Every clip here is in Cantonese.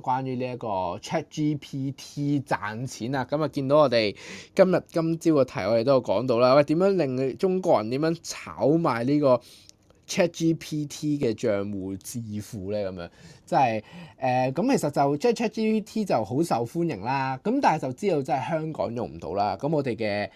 關於呢一個 ChatGPT 賺錢啊，咁啊見到我哋今日今朝嘅題，我哋都有講到啦。喂，點樣令中國人點樣炒賣個呢個 ChatGPT 嘅賬戶致富咧？咁樣即係誒，咁、呃、其實就即係 ChatGPT 就好受歡迎啦。咁但係就知道即係香港用唔到啦。咁我哋嘅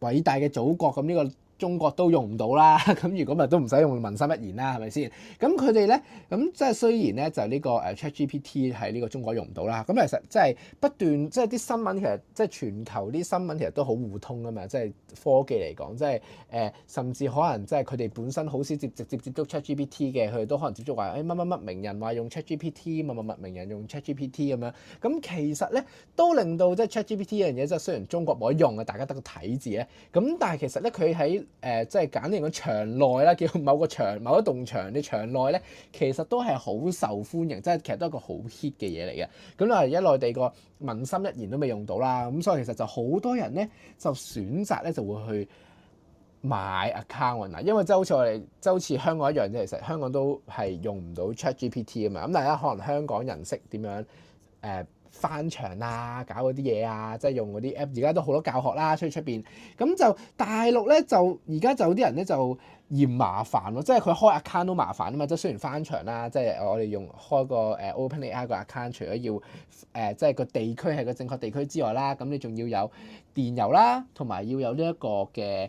偉大嘅祖國咁呢、呢個。中國都用唔到啦，咁如果咪都唔使用文心一言啦，係咪先？咁佢哋咧，咁即係雖然咧就呢個誒 ChatGPT 喺呢個中國用唔到啦，咁其實即係不斷即係啲新聞其實即係全球啲新聞其實都好互通㗎嘛，即係科技嚟講，即係誒、呃、甚至可能即係佢哋本身好少接直接接觸 ChatGPT 嘅，佢哋都可能接觸話誒乜乜乜名人話用 ChatGPT，乜乜乜名人用 ChatGPT 咁樣，咁其實咧都令到即係 ChatGPT 一樣嘢，即係雖然中國冇得用啊，大家得個睇字咧，咁但係其實咧佢喺誒、呃，即係簡單嚟講，場內啦，叫某個場、某一棟場，啲場內咧，其實都係好受歡迎，即係其實都係一個好 hit 嘅嘢嚟嘅。咁啊，而家內地個文心一言都未用到啦，咁所以其實就好多人咧就選擇咧就會去買 account 啊，因為即係好似我哋即係好似香港一樣啫。其實香港都係用唔到 Chat GPT 啊嘛。咁大家可能香港人識點樣誒、呃翻牆啊，搞嗰啲嘢啊，即係用嗰啲 app，而家都好多教學啦，出去出邊咁就大陸咧就而家就有啲人咧就嫌麻煩咯、啊，即係佢開 account 都麻煩啊嘛，即係雖然翻牆啦，即係我哋用開個誒 OpenAI 個 account，除咗要誒、呃、即係個地區係個正確地區之外啦，咁你仲要有電郵啦，同埋要有呢一個嘅。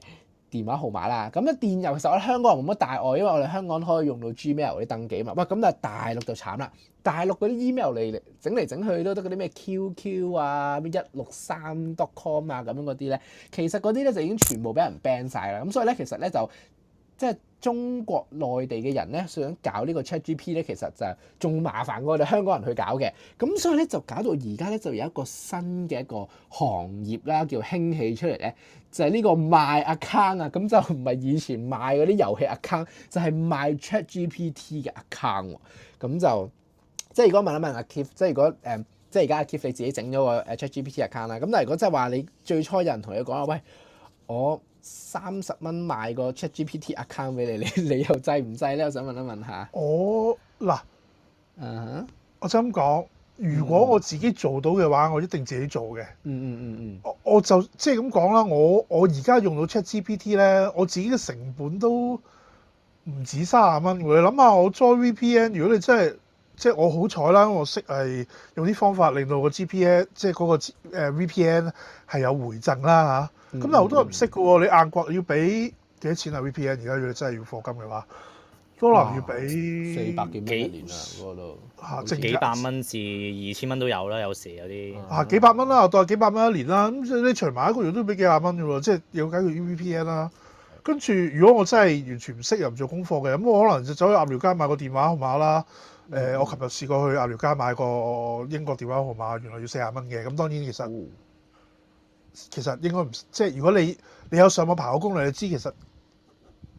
電話號碼啦，咁咧電郵其實我哋香港人冇乜大礙，因為我哋香港可以用到 Gmail 啲登記嘛。喂，咁但係大陸就慘啦，大陸嗰啲 email 嚟整嚟整去都得嗰啲咩 QQ 啊、163.com 啊咁樣嗰啲咧，其實嗰啲咧就已經全部俾人 ban 晒啦。咁所以咧，其實咧就即係、就是、中國內地嘅人咧想搞呢個 ChatGPT 咧，其實就仲麻煩過我哋香港人去搞嘅。咁所以咧就搞到而家咧就有一個新嘅一個行業啦，叫興起出嚟咧。就係呢個賣 account 啊，咁就唔係以前賣嗰啲遊戲 account，就係賣 ChatGPT 嘅 account 喎。咁就即係如果問一問阿 Kif，e 即係如果誒、嗯，即係而家阿 Kif e 你自己整咗個誒 ChatGPT account 啦。咁但係如果即係話你最初有人同你講話，喂，我三十蚊賣個 ChatGPT account 俾你，你你又制唔制咧？我想問一問，問一下。我嗱，uh huh. 我想咁講。如果我自己做到嘅話，我一定自己做嘅、嗯。嗯嗯嗯嗯。我就即係咁講啦，我我而家用到 ChatGPT 咧，我自己嘅成本都唔止三十蚊喎。你諗下，我 join VPN，如果你真係即係我好彩啦，我識係用啲方法令到個 VPN 即係嗰個 VPN 係有回贈啦嚇。咁、啊、但好多人唔識嘅喎，你硬國要俾幾多錢啊 VPN？而家如果真係要課金嘅話。可能要俾四百幾蚊一年啦，嗰度嚇，幾百蚊至二千蚊都有啦，有時有啲嚇、啊、幾百蚊啦，啊、我當係幾百蚊一年啦。咁你除埋一個月都俾幾廿蚊嘅喎，即係要解決 UVPN 啦、啊。跟住如果我真係完全唔識又唔做功課嘅，咁、嗯、我、嗯、可能就走去鴨寮街買個電話號碼啦。誒、呃，我琴日試過去鴨寮街買個英國電話號碼，原來要四十蚊嘅。咁當然其實其實應該唔即係如果你你有上網爬過攻略，你知其實。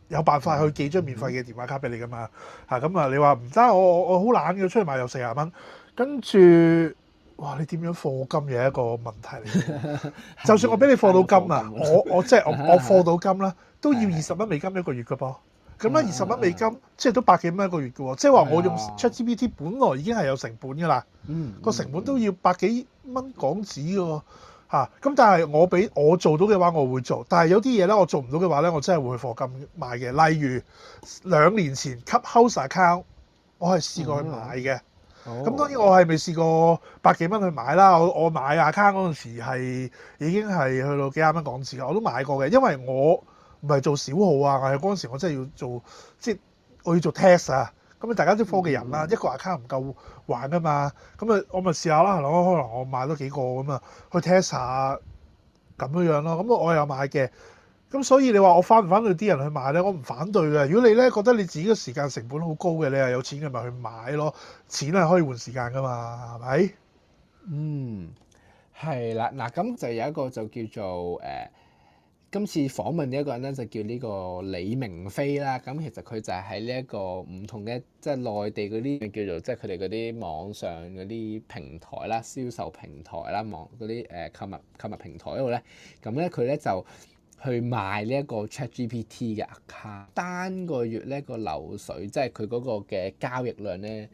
有辦法去寄張免費嘅電話卡俾你㗎嘛？嚇咁啊！嗯嗯、你話唔得，我我好懶嘅，出去買又四十蚊。跟住哇，你點樣課金嘅一個問題嚟？ 就算我俾你課到金啊 對，我我即係我我課到金啦，都要二十蚊美金一個月嘅噃。咁啊，二十蚊美金 對即係都百幾蚊一個月嘅喎。即係話我用 ChatGPT 本來已經係有成本㗎啦。嗯。個成本都要百幾蚊港紙嘅喎。啊！咁但係我俾我做到嘅話，我會做。但係有啲嘢咧，我做唔到嘅話咧，我真係會去課金買嘅。例如兩年前 Clubhouse account，我係試過去買嘅。咁、哦哦、當然我係未試過百幾蚊去買啦。我我買 account 嗰陣時，係已經係去到幾廿蚊港紙嘅，我都買過嘅。因為我唔係做小號啊，我係嗰陣時我真係要做，即係我要做 test 啊。咁大家都科技人啦，嗯、一個 account 唔夠玩啊嘛，咁啊，我咪試下啦，係咯，可能我買多幾個咁啊，去 test 下咁樣樣咯，咁我有買嘅，咁所以你話我反唔反對啲人去買咧？我唔反對嘅，如果你咧覺得你自己嘅時間成本好高嘅，你係有錢嘅咪去買咯，錢係可以換時間噶嘛，係咪？嗯，係啦，嗱，咁就有一個就叫做誒。呃今次訪問呢一個人咧就叫呢個李明飛啦，咁其實佢就係喺呢一個唔同嘅即係內地嗰啲叫做即係佢哋嗰啲網上嗰啲平台啦、銷售平台啦、網嗰啲誒購物購物平台嗰度咧，咁咧佢咧就去賣呢一個 ChatGPT 嘅 account，單個月咧個流水即係佢嗰個嘅交易量咧，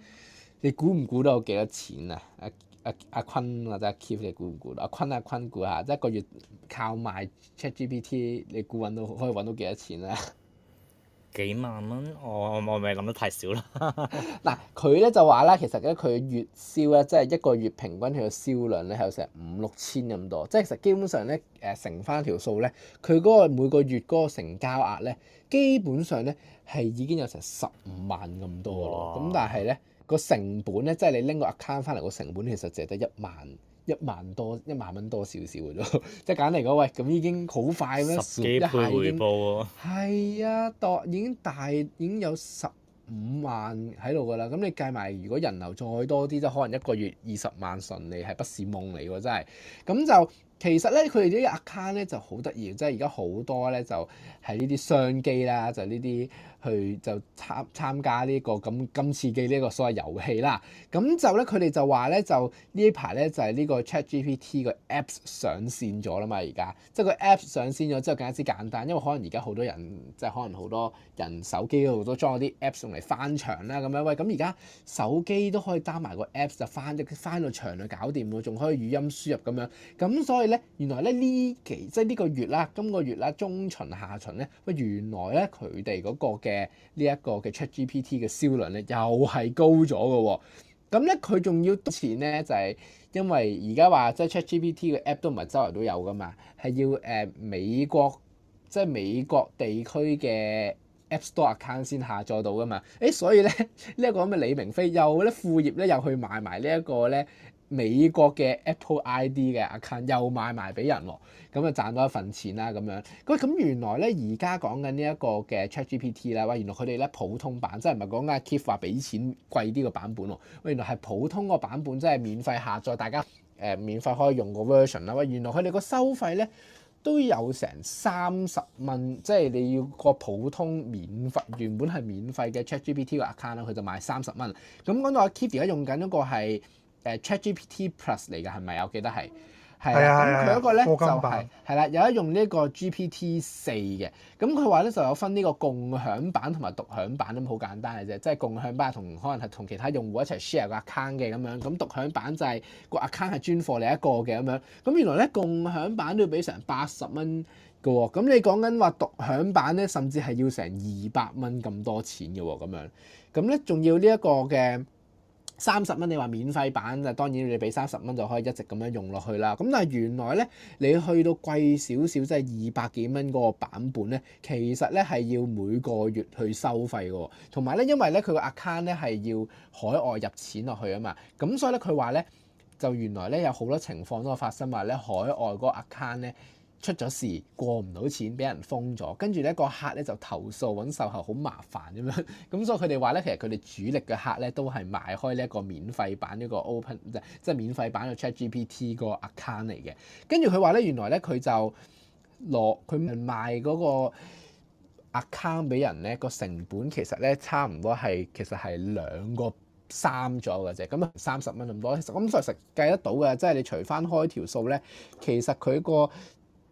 你估唔估到有幾多錢啊？阿阿坤或者阿 K，e e 你估唔估阿坤，阿坤估下，即係一個月靠賣 ChatGPT，你估揾到可以揾到幾多錢啊？幾萬蚊？我我咪諗得太少啦。嗱，佢咧就話咧，其實咧佢月銷咧，即係一個月平均佢嘅銷量咧，係有成五六千咁多。即係其實基本上咧，誒乘翻條數咧，佢嗰個每個月嗰個成交額咧，基本上咧係已經有成十五萬咁多咯。咁哇但係咧。個成本咧，即係你拎個 account 翻嚟個成本，其實就係得一萬一萬多一萬蚊多少少嘅啫。即係簡單嚟講，喂，咁已經好快啦，十幾倍回報喎。係啊，當已經大已經有十五萬喺度㗎啦。咁你計埋如果人流再多啲，即可能一個月二十萬順利係不是夢嚟喎，真係。咁就其實咧，佢哋啲 account 咧就好得意，即係而家好多咧就係呢啲商機啦，就呢啲。去就參參加呢、呢個咁今次嘅呢個所謂遊戲啦，咁就咧佢哋就話咧就呢一排咧就係呢，就呢、就是、個 ChatGPT 個 Apps 上線咗啦嘛而家，即係個 Apps 上線咗之後更加之簡單，因為可能而家好多人即係可能好多人手機嗰度都裝咗啲 Apps 用嚟翻牆啦咁樣喂，咁而家手機都可以 down 埋個 Apps 就翻翻到牆就搞掂仲可以語音輸入咁樣，咁所以咧原來咧呢期即係呢個月啦，今個月啦中旬下旬咧，喂原來咧佢哋個。嘅。嘅呢一個嘅 ChatGPT 嘅銷量咧又係高咗嘅、哦，咁咧佢仲要多錢咧？就係、是、因為而家話即係 ChatGPT 嘅 app 都唔係周圍都有噶嘛，係要誒、呃、美國即係、就是、美國地區嘅 App Store account 先下載到噶嘛。誒所以咧呢一、這個咁嘅李明飛又咧副業咧又去買埋呢一個咧。美國嘅 Apple ID 嘅 account 又賣埋俾人喎，咁啊賺到一份錢啦，咁樣。喂，咁原來咧而家講緊呢一個嘅 ChatGPT 啦，喂原來佢哋咧普通版即係唔係講緊阿 Kip 話俾錢貴啲個版本喎，喂原來係普通個版本即係免費下載，大家誒免費可以用個 version 啦。喂原來佢哋個收費咧都有成三十蚊，即係你要個普通免費原本係免費嘅 ChatGPT 嘅 account 啦，佢就賣三十蚊。咁講到阿 Kip 而家用緊一個係。誒、uh, ChatGPT Plus 嚟㗎係咪？我記得係係啊，咁佢一個咧就係係啦，有得用個呢個 GPT 四嘅。咁佢話咧就有分呢個共享版同埋獨享版咁好簡單嘅啫，即係共享版係同可能係同其他用戶一齊 share 個 account 嘅咁樣，咁獨享版就係個 account 係專貨你一個嘅咁樣。咁原來咧共享版都要俾成八十蚊嘅喎，咁你講緊話獨享版咧，甚至係要成二百蚊咁多錢嘅喎咁樣。咁咧仲要呢一個嘅。三十蚊你話免費版啊，當然你俾三十蚊就可以一直咁樣用落去啦。咁但係原來咧，你去到貴少少，即係二百幾蚊嗰個版本咧，其實咧係要每個月去收費㗎。同埋咧，因為咧佢個 account 咧係要海外入錢落去啊嘛，咁所以咧佢話咧就原來咧有好多情況都發生話咧海外嗰個 account 咧。出咗事過唔到錢，俾人封咗，跟住呢個客呢，就投訴揾售後好麻煩咁樣，咁 所以佢哋話呢，其實佢哋主力嘅客呢，都係賣開呢一個免費版呢個 open 即係免費版嘅 ChatGPT 個 account 嚟嘅。跟住佢話呢，原來呢，佢就攞佢賣嗰個 account 俾人呢個成本，其實呢，差唔多係其實係兩個三咗嘅啫，咁啊三十蚊咁多，其實咁實在實計得到嘅，即係你除翻開條數呢，其實佢個。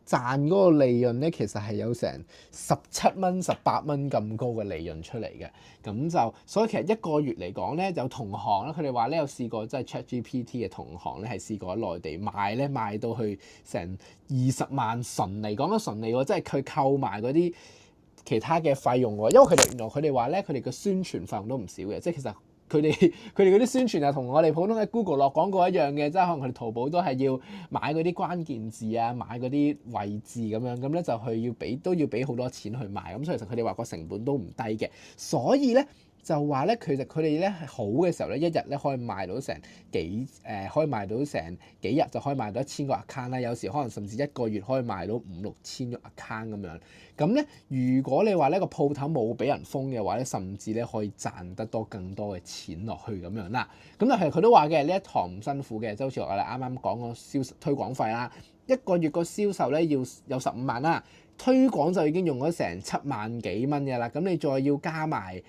賺嗰個利潤咧，其實係有成十七蚊、十八蚊咁高嘅利潤出嚟嘅，咁就所以其實一個月嚟講咧，有同行啦，佢哋話咧有試過即係 ChatGPT 嘅同行咧，係試過喺內地賣咧，賣到去成二十萬純利。講都純利喎，即係佢購買嗰啲其他嘅費用喎，因為佢哋原來佢哋話咧，佢哋嘅宣傳費用都唔少嘅，即係其實。佢哋佢哋嗰啲宣傳啊，同我哋普通嘅 Google 落廣告一樣嘅，即係可能佢哋淘寶都係要買嗰啲關鍵字啊，買嗰啲位置咁樣咁咧，就去要俾都要俾好多錢去買，咁所以其實佢哋話個成本都唔低嘅，所以咧。就話咧，其實佢哋咧係好嘅時候咧，一日咧可以賣到成幾誒、呃，可以賣到成幾日就可以賣到一千個 account 啦。有時可能甚至一個月可以賣到五六千個 account 咁樣。咁咧，如果你話呢個鋪頭冇俾人封嘅話咧，甚至咧可以賺得多更多嘅錢落去咁樣啦。咁但係佢都話嘅呢一堂唔辛苦嘅，就好似我哋啱啱講嗰銷推廣費啦，一個月個銷售咧要有十五萬啦，推廣就已經用咗成七萬幾蚊嘅啦。咁你再要加埋。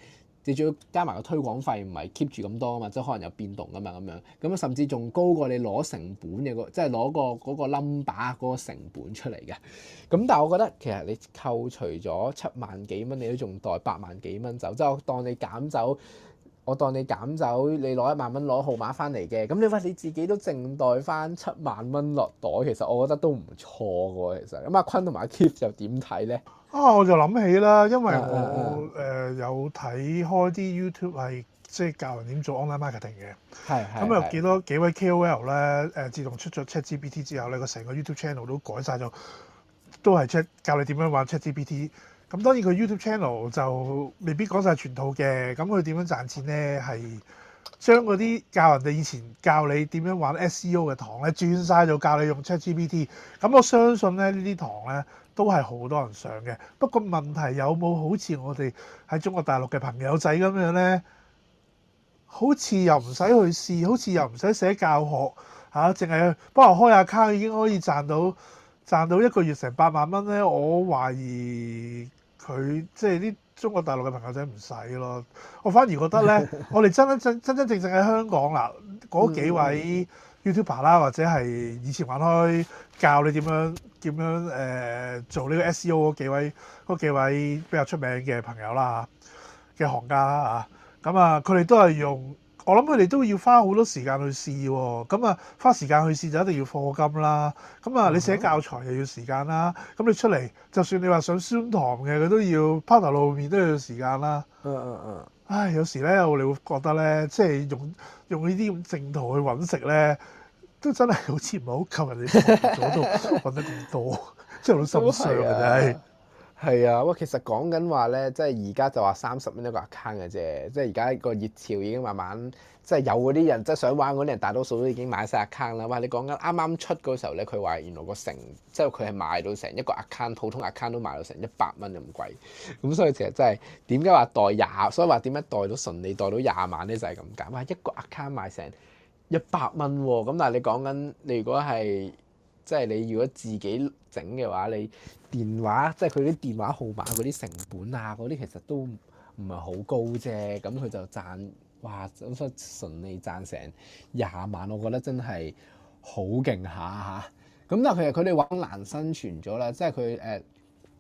你仲要加埋個推廣費，唔係 keep 住咁多啊嘛，即係可能有變動噶嘛，咁樣咁啊，甚至仲高過你攞成本嘅個，即係攞個嗰個 number 嗰個成本出嚟嘅。咁但係我覺得其實你扣除咗七萬幾蚊，你都仲袋八萬幾蚊走，即係我當你減走，我當你減走你攞一萬蚊攞號碼返嚟嘅，咁你話你自己都淨袋返七萬蚊落袋，其實我覺得都唔錯嘅，其實。咁阿坤同埋阿 Keep 又點睇咧？啊！我就諗起啦，因為我誒有睇開啲 YouTube 係即係、就是、教人點做 online marketing 嘅。係咁又幾多幾位 KOL 咧？誒自動出咗 ChatGPT 之後咧，個成個 YouTube channel 都改晒咗，都係 Chat 教你點樣玩 ChatGPT。咁當然佢 YouTube channel 就未必講晒全套嘅。咁佢點樣賺錢咧？係將嗰啲教人哋以前教你點樣玩 SEO 嘅堂咧，轉晒做教你用 ChatGPT。咁我相信咧呢啲堂咧。都係好多人上嘅，不過問題，有冇好似我哋喺中國大陸嘅朋友仔咁樣呢？好似又唔使去試，好似又唔使寫教學嚇，啊，淨係幫我開下卡已經可以賺到賺到一個月成八萬蚊呢。我懷疑佢即係啲中國大陸嘅朋友仔唔使咯。我反而覺得呢，我哋真真真真正正喺香港啦，嗰幾位。 嗯 YouTuber 啦，或者係以前玩開教你點樣點樣誒、呃、做呢個 SEO 嗰幾位嗰幾位比較出名嘅朋友啦，嘅行家啦嚇。咁啊，佢、啊、哋都係用我諗佢哋都要花好多時間去試喎、啊。咁啊，花時間去試就一定要課金啦。咁啊，你寫教材又要時間啦。咁、啊 mm hmm. 你出嚟，就算你話想宣堂嘅，佢都要拋頭露面都要時間啦。嗯嗯嗯。Hmm. 啊啊啊。唉，有時咧，我哋會覺得咧，即係用用呢啲咁正途去揾食咧，都真係好似唔係好夠人哋做到揾得咁多，真係好心傷嘅真係。係啊，哇！其實講緊話咧，即係而家就話三十蚊一個 account 嘅啫，即係而家個熱潮已經慢慢，即係有嗰啲人即係想玩嗰啲人，大多數都已經買晒 account 啦。哇！你講緊啱啱出嗰時候咧，佢話原來個成即係佢係賣到成一個 account，普通 account 都賣到成一百蚊咁貴，咁所以其實真係點解話代廿，所以話點樣代到順利代到廿萬咧就係咁解。哇！一個 account 賣成一百蚊喎，咁但係你講緊你如果係。即係你如果自己整嘅話，你電話即係佢啲電話號碼嗰啲成本啊，嗰啲其實都唔係好高啫。咁佢就賺，哇！咁忽純利賺成廿萬，我覺得真係好勁下嚇。咁、嗯、但係其實佢哋玩難生存咗啦。即係佢誒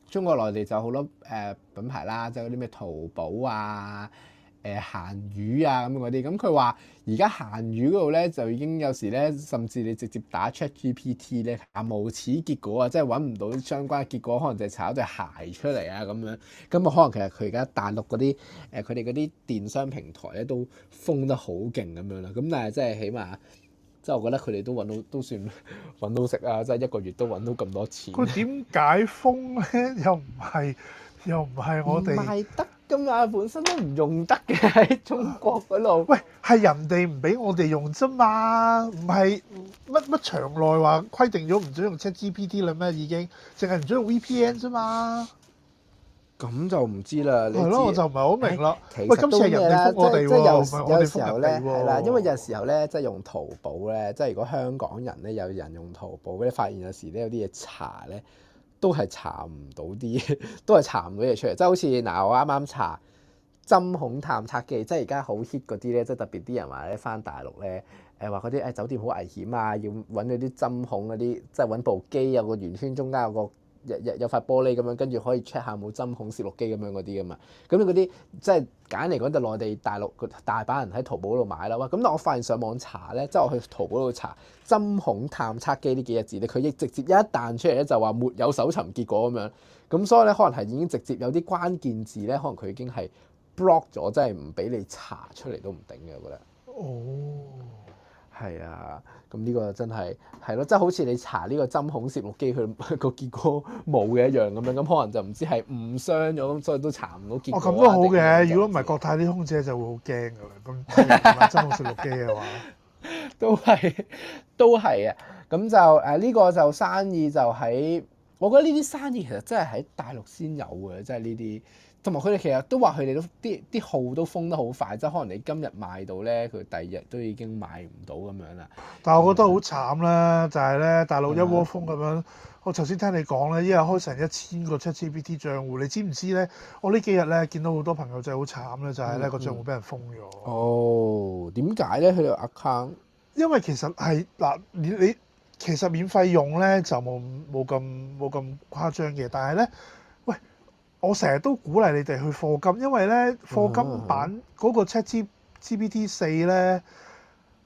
中國內地就好多誒、呃、品牌啦，即係嗰啲咩淘寶啊。誒、欸、閒魚啊咁嗰啲，咁佢話而家閒魚嗰度咧就已經有時咧，甚至你直接打 ChatGPT 咧，啊無此結果啊，即係揾唔到相關嘅結果，可能就炒對鞋出嚟啊咁樣。咁啊，可能其實佢而家大陸嗰啲誒，佢哋嗰啲電商平台咧都封得好勁咁樣啦。咁但係即係起碼，即係我覺得佢哋都揾到，都算揾 到食啊，即係一個月都揾到咁多錢，啊。佢點解封咧？又唔係又唔係我哋？唔得。咁啊，本身都唔用得嘅喺中國嗰度。喂，係人哋唔俾我哋用啫嘛，唔係乜乜牆內話規定咗唔準用 ChatGPT 嘞咩？已經，淨係唔準用 VPN 啫嘛。咁就唔知啦。係咯，我就唔係好明咯。其實都咩咧？即係有有時候咧，係啦，因為有時候咧，即係用淘寶咧，即係如果香港人咧，有人用淘寶，你發現有時咧，有啲嘢查咧。都係查唔到啲，都係查唔到嘢出嚟。即係好似嗱，我啱啱查針孔探測器，即係而家好 hit 嗰啲咧，即係特別啲人話咧，翻大陸咧，誒話嗰啲誒酒店好危險啊，要揾嗰啲針孔嗰啲，即係揾部機有個圓圈，中間有個。日日有塊玻璃咁樣，跟住可以 check 下冇針孔攝錄機咁樣嗰啲噶嘛？咁你嗰啲即係簡單嚟講，就內地大陸大把人喺淘寶度買啦嘛。咁但我發現上網查咧，即係我去淘寶度查針孔探測機呢幾隻字咧，佢亦直接一彈出嚟咧就話沒有搜尋結果咁樣。咁所以咧可能係已經直接有啲關鍵字咧，可能佢已經係 block 咗，即係唔俾你查出嚟都唔頂嘅，我覺得。哦。Oh. 係啊，咁呢個真係係咯，即係好似你查呢個針孔攝錄機佢個結果冇嘅一樣咁樣，咁可能就唔知係誤傷咗，咁所以都查唔到結果。哦，咁都好嘅。如果唔係國泰啲空姐就會好驚噶啦。咁 針孔攝錄機嘅話都係都係啊。咁就誒呢個就生意就喺我覺得呢啲生意其實真係喺大陸先有嘅，即係呢啲。同埋佢哋其實都話佢哋都啲啲號都封得好快，即係可能你今日買到咧，佢第二日都已經買唔到咁樣啦。但係我覺得好慘啦，嗯、就係咧大陸一窩蜂咁樣。嗯、我頭先聽你講咧，一日開成一千個 ChatGPT 賬戶，你知唔知咧？我幾呢幾日咧見到好多朋友仔好慘咧，就係、是、咧個賬戶俾人封咗、嗯嗯。哦，點解咧？佢哋 account？因為其實係嗱，你你其實免費用咧就冇冇咁冇咁誇張嘅，但係咧。我成日都鼓勵你哋去課金，因為咧課金版嗰個 ChatGPT 四咧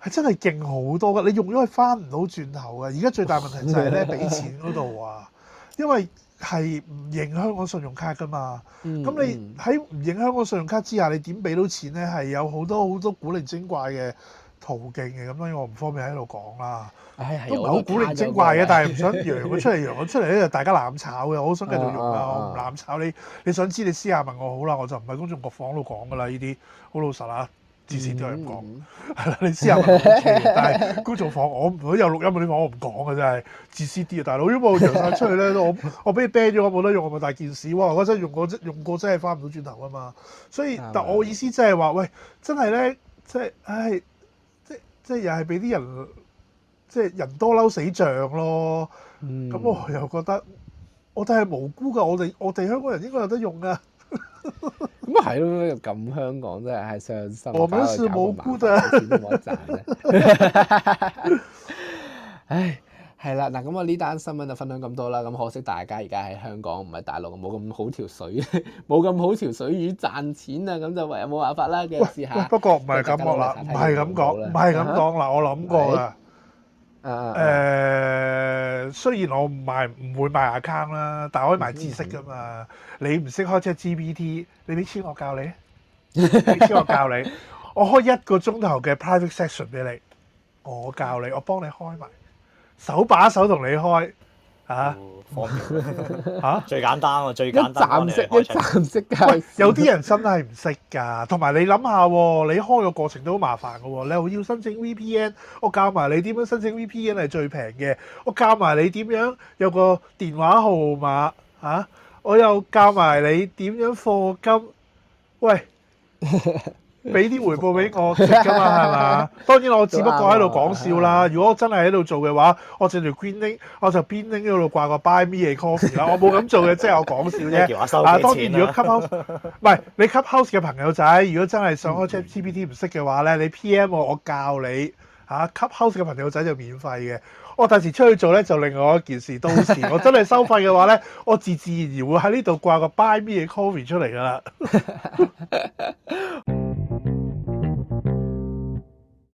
係真係勁好多噶，你用咗佢返唔到轉頭噶。而家最大問題就係咧俾錢嗰度啊， 因為係唔影響我信用卡噶嘛。咁你喺唔影響我信用卡之下，你點俾到錢咧？係有好多好多古靈精怪嘅途徑嘅咁，所以我唔方便喺度講啦，都唔係好古靈精怪嘅，但係唔想揚咗出嚟，揚咗 出嚟咧就大家攬炒嘅。我好想繼續用啊，啊我，我唔攬炒你。你想知你私下問我好啦，我就唔喺公眾房度講噶啦。呢啲好老實啊，自私啲咁講。係啦、嗯， 你私下問好，但係公眾房我如果有錄音啊，你問我唔講嘅真係自私啲啊，大佬。如果我揚晒出嚟咧， 我我俾你 ban 咗，我冇得用我咪大件事，哇！我真係用過，用過真係翻唔到轉頭啊嘛。所以，但我意思即係話，喂，真係咧，即係唉。即係又係俾啲人，即係人多嬲死仗咯。咁、嗯、我又覺得我，我哋係無辜㗎。我哋我哋香港人應該有得用㗎。咁啊係咯，咁香港真係係傷心，我表示無辜嘅。哎。 係啦，嗱，咁我呢單新聞就分享咁多啦。咁可惜大家而家喺香港，唔係大陸，冇咁好條水，冇咁好條水魚賺錢啊！咁就唯有冇辦法啦嘅事嚇。不過唔係咁講啦，唔係咁講，唔係咁講啦。我諗過啦。誒，雖然我賣唔會賣 account 啦，但可以賣知識㗎嘛。你唔識開 ChatGPT，你俾錢我教你。俾錢我教你，我開一個鐘頭嘅 private session 俾你，我教你，我幫你開埋。手把手同你開，嚇、啊哦，方、啊、 最簡單喎，最簡單嘅一站式，一站式。喂，有啲人真係唔識㗎，同埋你諗下，你開個過程都好麻煩嘅，你又要申請 VPN，我教埋你點樣申請 VPN 係最平嘅，我教埋你點樣有個電話號碼，嚇、啊，我又教埋你點樣課金，喂。 俾啲回報俾我食㗎嘛，係嘛？當然我只不過喺度講笑啦。對如果我真係喺度做嘅話，我就條 greening，我就邊拎嗰度掛個 buy me a coffee 啦。我冇咁做嘅，即係我講笑啫。啊，啊，當然如果 Clubhouse，唔係你 Clubhouse 嘅朋友仔，如果真係想開 ChatGPT 唔識嘅話咧，你 PM 我，我教你嚇、啊、Clubhouse 嘅朋友仔就免費嘅。我第時出去做咧，就另外一件事。 到時我真係收費嘅話咧，我自自然然會喺呢度掛個 buy me a coffee 出嚟㗎啦。